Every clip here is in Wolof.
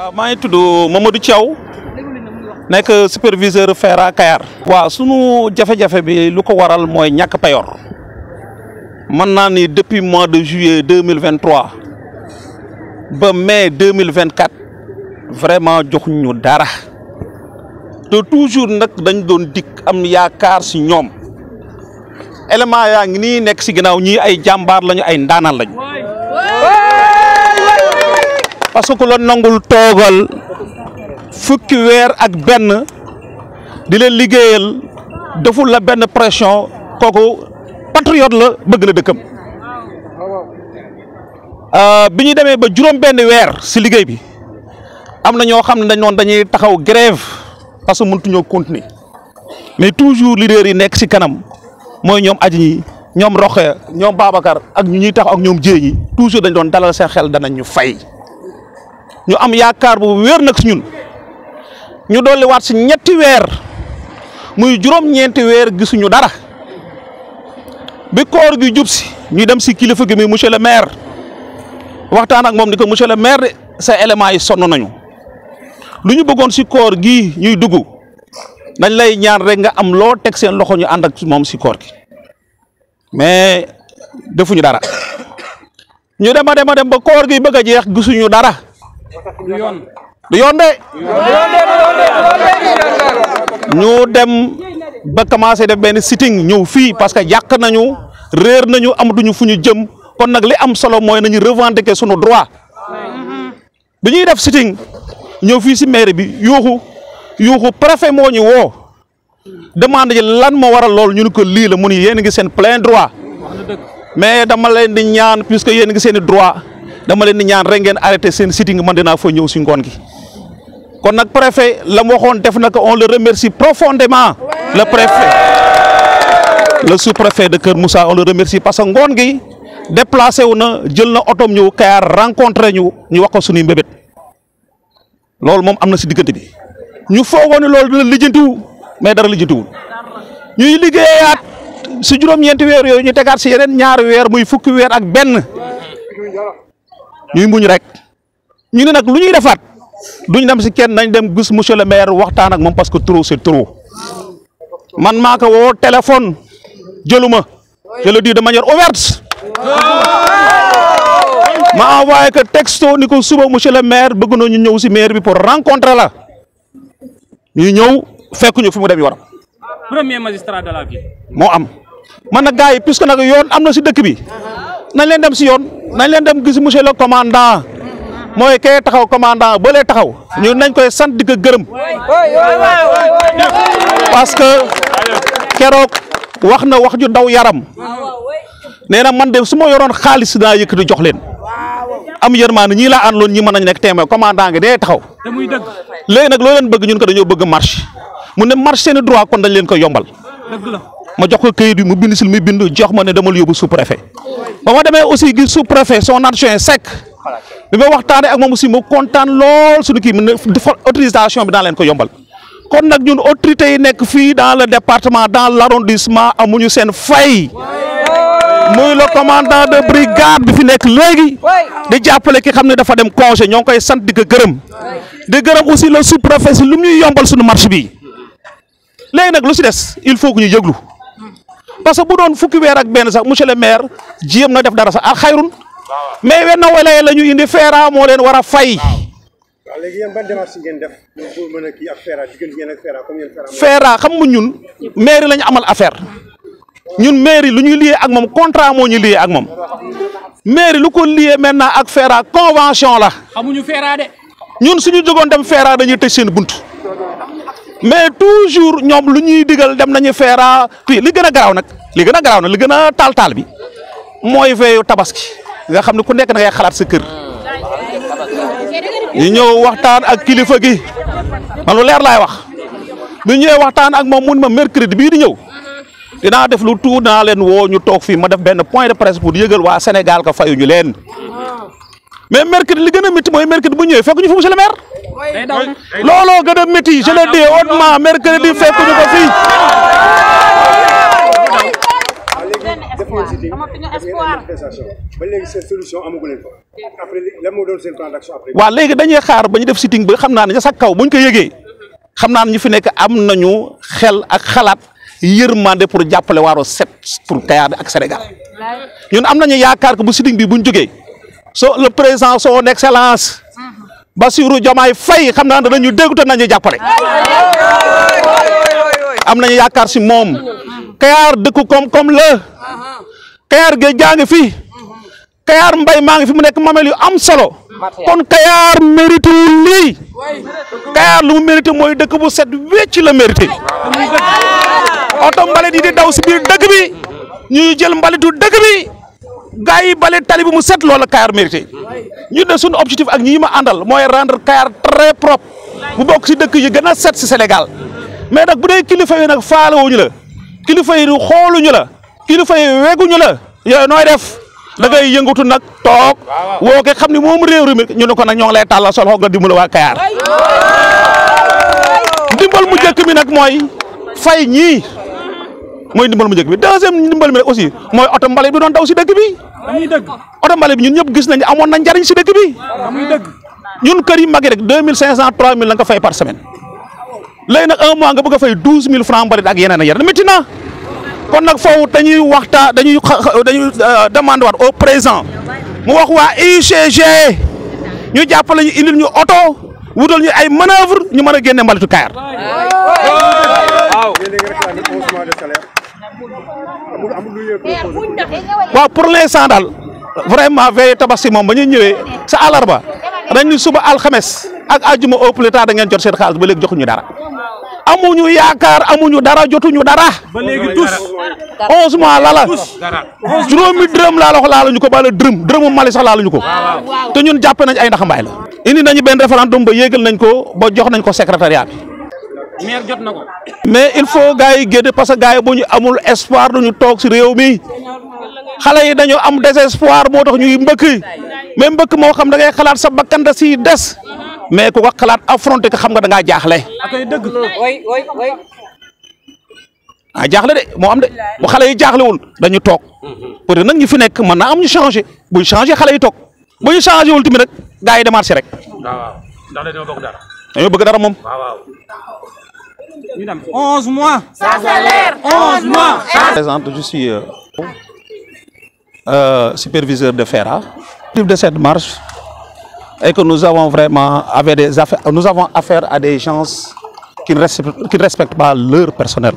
Euh, maa ngi tudd Mamadou Thiaw nekk superviseur FERA Kayar. waaw sunu jafe-jafe bi lu ko waral mooy ñàkk payoor mën naa ni depuis mois de juillet deux mille vingt ba mais deux mille vingt quatre vraiment joxuñu dara te toujours nag dañ doon dikk am yaakaar si ñoom élément yaa ngi nii nekk si ginnaaw ñii ay jàmbaar lañu ay ndaanal lañu. parce que ku la nangul toogal fukki weer ak benn di leen liggéeyal deful la benn pression kooku patriote la bëgg la dëkkam euh, bi ñu demee ba juróom benn weer si liggéey bi am na ñoo xam ne dañ noon dañuy taxaw grève parce que mëntuñoo continuer mais toujours leader yi nekk si kanam mooy ñoom aji ñi ñoom Roxe ñoom Babacar ak ñu ñuy tax ak ñoom ñi toujours dañ doon dalal seen xel danañ ñu fay ñu am yaakaar bu wér nag si ñun ñu dolliwaat si ñetti weer muy juróom-ñeenti weer gisuñu dara bi koor gi jub si ñu dem si kilifa gi muy monsieur le maire waxtaan ak moom ni ko monsieur le maire de sa éléments yi sonn nañu lu ñu bëggoon si koor gi ñuy duggu dañ lay ñaan rek nga am loo teg seen loxo ñu ànd ak moom si koor gi mais defuñu dara ñu dem a dem a dem ba koor gi bëgg a jeex gisuñu dara. Lyon Lyon de ñu dem ba commencé def benn sitting ñëw fii parce que yàq nañu réer nañu amatuñu fu ñu jëm kon nag li am solo mooy nañu revendiquer sunu droit bi def sitting ñëw fii si maire bi yuuxu yuuxu préfet moo ñu woo demande ji lan moo waral loolu ñu ne ko lii la mu ni yéen ngi seen plein droit mais dama leen di ñaan puisque yéen ngi seen droit dama leen ni ñaan rek ngeen arrêter seen sitting man dina fa ñew si ngoon gi kon nak préfet la mu waxoon def nak on le remercie profondément le préfet le sous-préfet de Kër Moussa on le remercie parce que ngone gi déplacé wu na jël na autom ñu ka rencontré ñu ñu wax ko suñu mbébét lool mom amna ci si bi ñu foogoon ne loolu dina lijjantiwu mais dara wu ñuy liggéeyat si juroom ñent wër yoy ñu tégaat si yenen ñaar wër muy fukk wër ak benn ñuy muñ rek ñu ne nak lu ñuy defaat duñ dem ci kenn nañ dem gus monsieur le maire waxtaan ak mom parce que trop c'est trop man maa wo téléphone jëluma je le dis de manière ouverte ma envoyé que texto ni ko suba monsieur le maire bëgg na ñu ñëw ci maire bi pour rencontrer la ñu ñëw fekk ñu fi mu dem waram premier magistrat de la ville mo am man nak gaay puisque nak yoon amna ci si dëkk bi nañ leen dem si yoon nañ leen dem gis monsieur le commandant moy kay taxaw commandant bële taxaw ñu nañ koy sante di ko parce que keroog waxna wax ju daw yaram neena man de suma yoron xaliss da daa jox leen am ñi la an àndaloon ñi mënañ nek témé commandant ngi dee taxaw léegi nak lo leen bëgg ñun ko dañu bëgg marche mu ne marche sen droit kon dañ leen ko yombal ma jox ko kayit bi mu bind si lu bind jox ma ne dama yobu sous préfet ba ma demee aussi gi sous préfet son adjoint sec bi ma waxtaanee ak moom aussi mu kontaan lool suñu ki autorisation bi daa len ko yombal kon nak ñun autorité yi nek fi dans le département dans l'arrondissement amuñu sen fay muy le commandant de brigade bi fi nek léegi di jappalé ki xamné dafa dem congé ñong koy sante di gëreum di gëreum aussi le sous préfet lu ñuy yombal suñu marché bi léegi nak lu ci dess il faut que ñu yeglu parce que bu doon fukki weer ak benn sax monsieur le maire jéem na def dara sax a xayrun mais wenn wala la ñu indi feera moo leen war a fay. waaw léegi yéen feera xam nga ñun mairie la amal affaire ñun mairie lu ñuy lié ak moom contrat moo ñu lié ak moom mairie lu ko lié maintenant ak feera convention la. xamuñu feera de. ñun suñu jógoon dem feera dañuy te seen bunt. mais toujours ñoom lu ñuy digal dem nañu feera kii li gën a garaaw nag li gën a garaaw li gën a taal taal bi mooy veeyu tabaski nga xam ne ku nekk na ngay xalaat sa kër. ñu ñëw waxtaan ak kilifa gi man lu leer laay wax bu ñëwee waxtaan ak moom mun ma mercredi bii di ñëw dinaa def lu tuut naa leen woo ñu toog fi ma def benn point de presse pour yëgal waa Sénégal ka ñu leen. mais mercredi li gëna metti moy mercredi bu ñëw fekk ñu fi monsieur le maire. lolo gëna metti je le dis hautement mercredi fekk ñu ko fii. waaw léegi dañuy xaar ba def sitting ba xam naa sa kaw bu ko yëgee xam ñu fi nekk am nañu xel ak pour set pour ak Sénégal ñun am nañu bu sitting bi buñ le président son excellence Bassirou Diomaye Faye xam naa danañu dégg te nañu jàppale am nañu yaakaar si moom Kayar dëkk koom-koom la Kayar géej gaa fi Kayar mbay maa ngi fi mu nekk mamel yu am solo kon Kayar mérite wu lii lu mu mérite mooy dëkk bu set wecc la mérite oto mbalit yi daw si biir dëkk bi ñuy jël mbalitu dëkk bi gars yi bale tali bi mu set loolu Kayar mérité ñu ne suñu objectif ak ñii ma àndal mooy rendre Kayar très propre bu bokk si dëkk yi gën a set si Sénégal mais nag bu dee kilifa yi nag faalewuñu la kilifa yi xooluñu la kilifa yi weguñu la yooyu nooy def da ngay yëngatu nag toog woo ko xam ni moom réew mi ñu ne ko nag ñoo ngi lay tàllal solo nga dimbal waa Kayar dimbal mu njëkk mi nag mooy fay ñii mooy dimbal mu njëkk bi deuxième dimbal mi nag aussi mooy oto mbali bi doon daw si dëkk bi damuy dëgg oto mbalit bi ñun ñëpp gis nañ amoon na njariñ si dëkk bi damuy dëgg ñun kër yi rek 2500 3000 la nga fay par semaine léegi nak un mois nga bëgg a fay 12000 francs mbalit ak yeneen ak yeneen na kon nak foofu dañuy waxtaa dañuy dañuy euh, demande waat au présent mu wax waa UCG ñu jàppale ñu indil ñu auto wutal ñu ay manœuvre ñu mën a génne mbalitu Kayar waaw waaw pour l'instant daal vraiment veille tabaski moom ba ñu ñëwee sa àllarba dañ ñu suba alxemes ak àjjuma au plus tard da ngeen jot seen xaalis ba léegi joxuñu dara. amuñu yaakaar amuñu dara jotuñu dara. ba léegi tous. onze mois lala. juróomi dërëm laa la wax laaluñu ko bala dërëm dërëmu Mali sax laaluñu ko. te ñun jàpp nañ ay ndax mbaay la. indi nañu benn référendum ba yéegal nañ ko ba jox nañ ko secrétariat bi. maire jot na mais il faut gars yi génn parce que gars yi bu ñu amul espoir ñu toog si réew mi xale yi dañoo am désespoir moo tax ñuy mbëkk mais mbëkk moo xam da ngay xalaat sa bakkan siy des mais ko ko xalaat affronté ko xam nga da ngaa jaaxle. akay dëgg. ah jaaxle de moo am de bu xale yi jaaxlewul dañu toog peut être ñu fi nekk mën naa am ñu changé bu ñu changé xale yi toog bu ñu changé wul rek gars yi démarché rek. waaw waaw ndax dara. moom. 11 mois. Ça l'air, 11 mois. je suis euh, euh, superviseur de FERA. Le de cette marche est que nous avons vraiment des affaires, nous avons affaire à des gens qui ne respectent, pas leur personnel,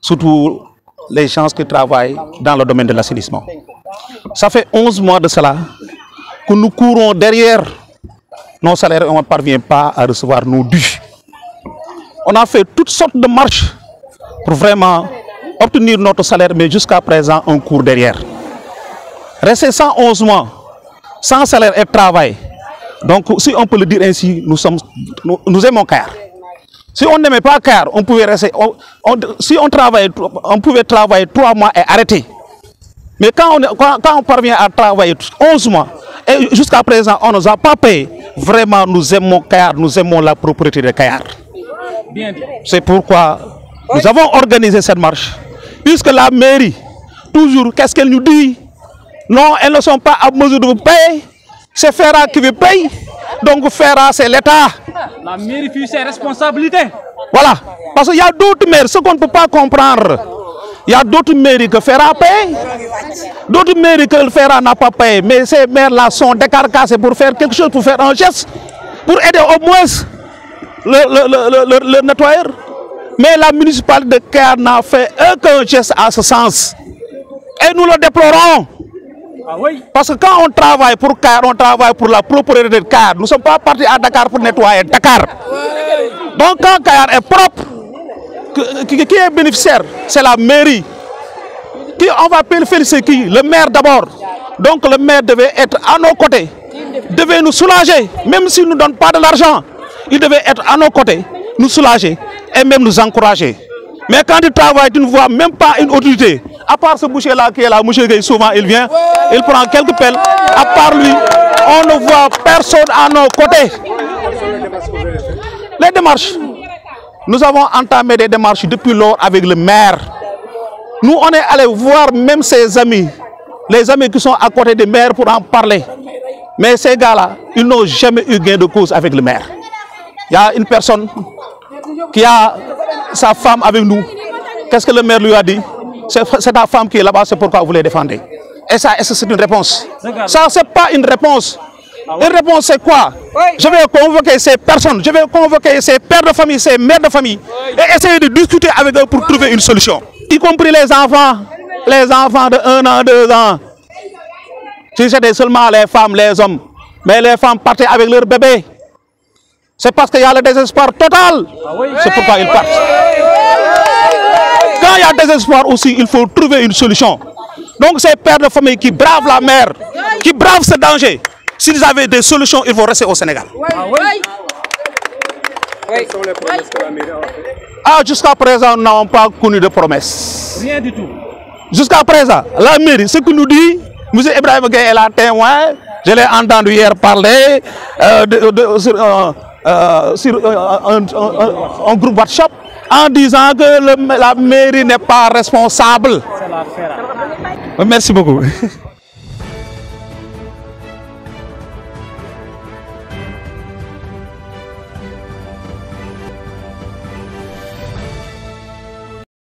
surtout les gens qui travaillent dans le domaine de l'assainissement. Ça fait 11 mois de cela que nous courons derrière nos salaires et on ne parvient pas à recevoir nos dûs. On a fait toutes sortes de marches pour vraiment obtenir notre salaire, mais jusqu'à présent, on court derrière. Rester 111 mois, sans salaire et travail. Donc, si on peut le dire ainsi, nous, sommes, nous, aimons car. Si on n'aimait pas car, on pouvait rester. si on travaillait, on pouvait travailler trois mois et arrêter. Mais quand on, quand, on parvient à travailler 11 mois, et jusqu'à présent, on ne nous a pas payé, vraiment, nous aimons car, nous aimons la propriété de car. C'est pourquoi nous avons organisé cette marche. Puisque la mairie, toujours, qu'est-ce qu'elle nous dit Non, elles ne sont pas à mesure de vous payer. C'est Ferra qui vous paye. Donc Ferra, c'est l'État. La mairie fait ses responsabilités. Voilà. Parce qu'il y a d'autres maires, ce qu'on ne peut pas comprendre. Il y a d'autres mairies que Ferra paye. D'autres mairies que Ferra n'a pas payé. Mais ces maires-là sont décarcassés pour faire quelque chose, pour faire un geste, pour aider au moins le, le, le, nettoyeur. Mais la municipalité de Caire n'a fait aucun geste à ce sens. Et nous le déplorons. Ah Parce que quand on travaille pour Car, on travaille pour la propriété de Car. Nous ne sommes pas partis à Dakar pour nettoyer Dakar. Donc quand Car est propre, qui, est bénéficiaire C'est la mairie. Qui on va C'est qui Le maire d'abord. Donc le maire devait être à nos côtés, devait nous soulager, même s'il ne nous donne pas de l'argent il devait être à nos côtés, nous soulager et même nous encourager. Mais quand tu travaille, tu ne vois même pas une autorité. À part ce boucher-là qui est là, Moucher Gay, souvent il vient, il prend quelques pelles. À part lui, on ne voit personne à nos côtés. Les démarches. Nous avons entamé des démarches depuis lors avec le maire. Nous, on est allé voir même ses amis, les amis qui sont à côté des maires pour en parler. Mais ces gars-là, ils n'ont jamais eu gain de cause avec le maire. Il y a une personne qui a sa femme avec nous. Qu'est-ce que le maire lui a dit C'est ta femme qui est là-bas, c'est pourquoi vous les défendez. Et ça, est-ce que c'est une réponse Ça, c'est pas une réponse. Ah une réponse, c'est quoi Je vais convoquer ces personnes, je vais convoquer ces pères de famille, ces mères de famille, et essayer de discuter avec eux pour trouver une solution. Y compris les enfants, les enfants de 1 an, 2 ans. Si c'était seulement les femmes, les hommes, mais les femmes partaient avec leurs bébés. C'est parce qu'il y a le désespoir total. Ah C'est pourquoi ils partent. Quand il y a désespoir aussi, il faut trouver une solution. Donc ces pères de famille qui bravent la mer, qui bravent ce danger, s'ils avaient des solutions, ils vont rester au Sénégal. Ah, jusqu'à présent, nous n'avons pas connu de promesses. Rien du tout. Jusqu'à présent, la mairie, ce que nous dit, M. Ibrahim Gueye est là, témoin, je l'ai entendu hier parler, euh, de, euh, euh, sur euh, euh, un, groupe en disant que la mairie n'est pas responsable. Merci beaucoup.